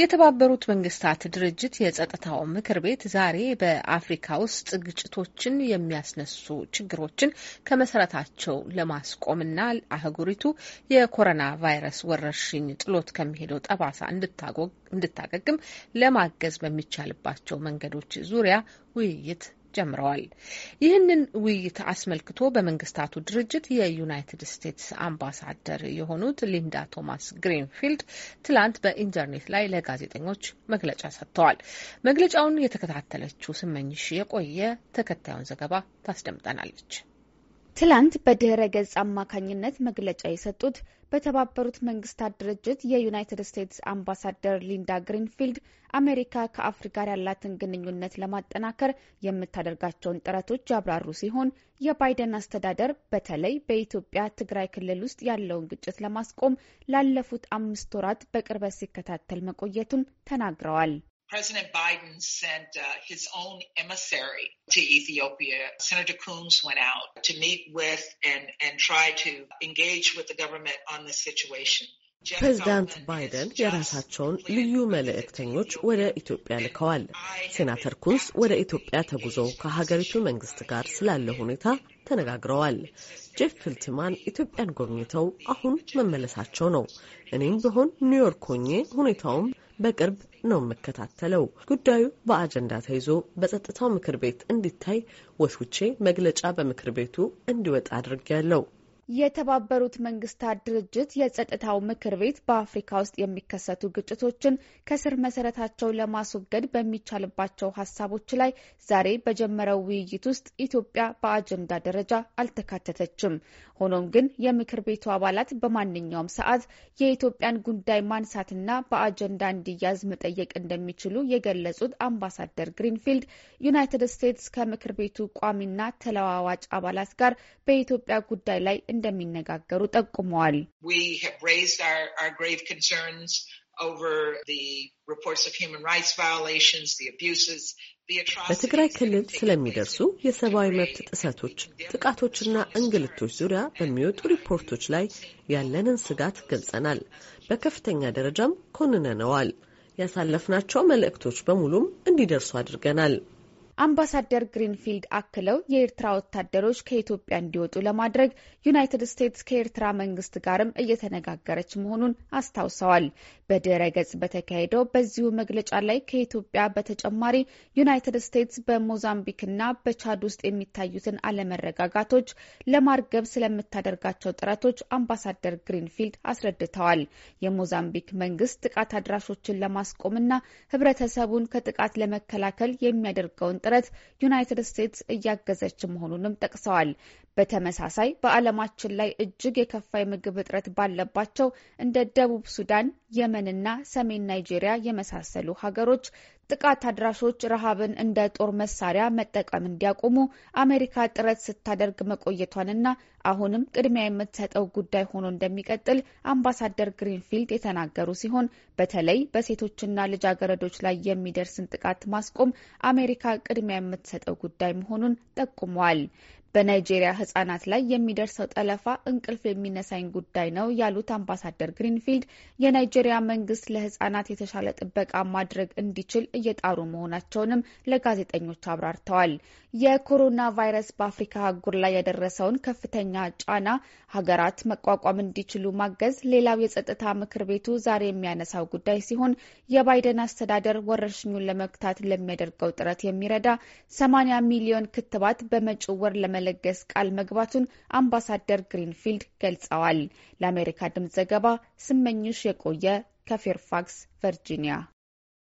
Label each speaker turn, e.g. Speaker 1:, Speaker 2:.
Speaker 1: የተባበሩት መንግስታት ድርጅት የጸጥታው ምክር ቤት ዛሬ በአፍሪካ ውስጥ ግጭቶችን የሚያስነሱ ችግሮችን ከመሰረታቸው ለማስቆምና አህጉሪቱ የኮሮና ቫይረስ ወረርሽኝ ጥሎት ከሚሄደው ጠባሳ እንድታገግም ለማገዝ በሚቻልባቸው መንገዶች ዙሪያ ውይይት ጀምረዋል። ይህንን ውይይት አስመልክቶ በመንግስታቱ ድርጅት የዩናይትድ ስቴትስ አምባሳደር የሆኑት ሊንዳ ቶማስ ግሪንፊልድ ትላንት በኢንተርኔት ላይ ለጋዜጠኞች መግለጫ ሰጥተዋል። መግለጫውን የተከታተለችው ስመኝሽ የቆየ ተከታዩን ዘገባ ታስደምጠናለች። ትላንት በድህረ ገጽ አማካኝነት
Speaker 2: መግለጫ የሰጡት በተባበሩት መንግስታት ድርጅት የዩናይትድ ስቴትስ አምባሳደር ሊንዳ ግሪንፊልድ አሜሪካ ከአፍሪካ ጋር ያላትን ግንኙነት ለማጠናከር የምታደርጋቸውን ጥረቶች ያብራሩ ሲሆን የባይደን አስተዳደር በተለይ በኢትዮጵያ ትግራይ ክልል ውስጥ ያለውን ግጭት ለማስቆም ላለፉት አምስት ወራት በቅርበት ሲከታተል መቆየቱን ተናግረዋል።
Speaker 1: President Biden sent uh, his own emissary to Ethiopia. Senator Coons went out to meet with and, and try to
Speaker 3: engage with the government on the situation. ፕሬዚዳንት ባይደን የራሳቸውን ልዩ መልእክተኞች ወደ ኢትዮጵያ ልከዋል። ሴናተር ኩንስ ወደ ኢትዮጵያ ተጉዞ ከሀገሪቱ መንግስት ጋር ስላለ ሁኔታ ተነጋግረዋል። ጄፍ ፊልትማን ኢትዮጵያን ጎብኝተው አሁን መመለሳቸው ነው። እኔም ብሆን ኒውዮርክ ሆኜ ሁኔታውም በቅርብ ነው የምከታተለው። ጉዳዩ በአጀንዳ ተይዞ በጸጥታው ምክር ቤት እንዲታይ ወትውቼ መግለጫ በምክር ቤቱ እንዲወጣ አድርጌያለሁ። የተባበሩት
Speaker 2: መንግስታት ድርጅት የጸጥታው ምክር ቤት በአፍሪካ ውስጥ የሚከሰቱ ግጭቶችን ከስር መሰረታቸው ለማስወገድ በሚቻልባቸው ሀሳቦች ላይ ዛሬ በጀመረው ውይይት ውስጥ ኢትዮጵያ በአጀንዳ ደረጃ አልተካተተችም። ሆኖም ግን የምክር ቤቱ አባላት በማንኛውም ሰዓት የኢትዮጵያን ጉዳይ ማንሳትና በአጀንዳ እንዲያዝ መጠየቅ እንደሚችሉ የገለጹት አምባሳደር ግሪንፊልድ ዩናይትድ ስቴትስ ከምክር ቤቱ ቋሚና ተለዋዋጭ አባላት ጋር በኢትዮጵያ ጉዳይ ላይ እንደሚነጋገሩ ጠቁመዋል።
Speaker 1: በትግራይ
Speaker 3: ክልል ስለሚደርሱ የሰብአዊ መብት ጥሰቶች፣ ጥቃቶችና እንግልቶች ዙሪያ በሚወጡ ሪፖርቶች ላይ ያለንን ስጋት ገልጸናል። በከፍተኛ ደረጃም ኮንነነዋል። ያሳለፍናቸው መልእክቶች በሙሉም እንዲደርሱ አድርገናል። አምባሳደር
Speaker 2: ግሪንፊልድ አክለው የኤርትራ ወታደሮች
Speaker 3: ከኢትዮጵያ እንዲወጡ ለማድረግ ዩናይትድ ስቴትስ
Speaker 2: ከኤርትራ መንግስት ጋርም እየተነጋገረች መሆኑን አስታውሰዋል። በድረ ገጽ በተካሄደው በዚሁ መግለጫ ላይ ከኢትዮጵያ በተጨማሪ ዩናይትድ ስቴትስ በሞዛምቢክና በቻድ ውስጥ የሚታዩትን አለመረጋጋቶች ለማርገብ ስለምታደርጋቸው ጥረቶች አምባሳደር ግሪንፊልድ አስረድተዋል። የሞዛምቢክ መንግስት ጥቃት አድራሾችን ለማስቆምና ህብረተሰቡን ከጥቃት ለመከላከል የሚያደርገውን ጥረት ዩናይትድ ስቴትስ እያገዘች መሆኑንም ጠቅሰዋል። በተመሳሳይ በዓለማችን ላይ እጅግ የከፋ የምግብ እጥረት ባለባቸው እንደ ደቡብ ሱዳን፣ የመንና ሰሜን ናይጄሪያ የመሳሰሉ ሀገሮች ጥቃት አድራሾች ረሃብን እንደ ጦር መሳሪያ መጠቀም እንዲያቆሙ አሜሪካ ጥረት ስታደርግ መቆየቷንና አሁንም ቅድሚያ የምትሰጠው ጉዳይ ሆኖ እንደሚቀጥል አምባሳደር ግሪንፊልድ የተናገሩ ሲሆን በተለይ በሴቶችና ልጃገረዶች ላይ የሚደርስን ጥቃት ማስቆም አሜሪካ ቅድሚያ የምትሰጠው ጉዳይ መሆኑን ጠቁመዋል። በናይጄሪያ ህጻናት ላይ የሚደርሰው ጠለፋ እንቅልፍ የሚነሳኝ ጉዳይ ነው ያሉት አምባሳደር ግሪንፊልድ የናይጄሪያ መንግስት ለህጻናት የተሻለ ጥበቃ ማድረግ እንዲችል እየጣሩ መሆናቸውንም ለጋዜጠኞች አብራርተዋል። የኮሮና ቫይረስ በአፍሪካ አህጉር ላይ ያደረሰውን ከፍተኛ ጫና ሀገራት መቋቋም እንዲችሉ ማገዝ ሌላው የጸጥታ ምክር ቤቱ ዛሬ የሚያነሳው ጉዳይ ሲሆን የባይደን አስተዳደር ወረርሽኙን ለመግታት ለሚያደርገው ጥረት የሚረዳ 80 ሚሊዮን ክትባት በመጪው ወር ለመ ለመለገስ ቃል መግባቱን አምባሳደር ግሪንፊልድ ገልጸዋል። ለአሜሪካ ድምፅ ዘገባ ስመኝሽ የቆየ ከፌርፋክስ ቨርጂኒያ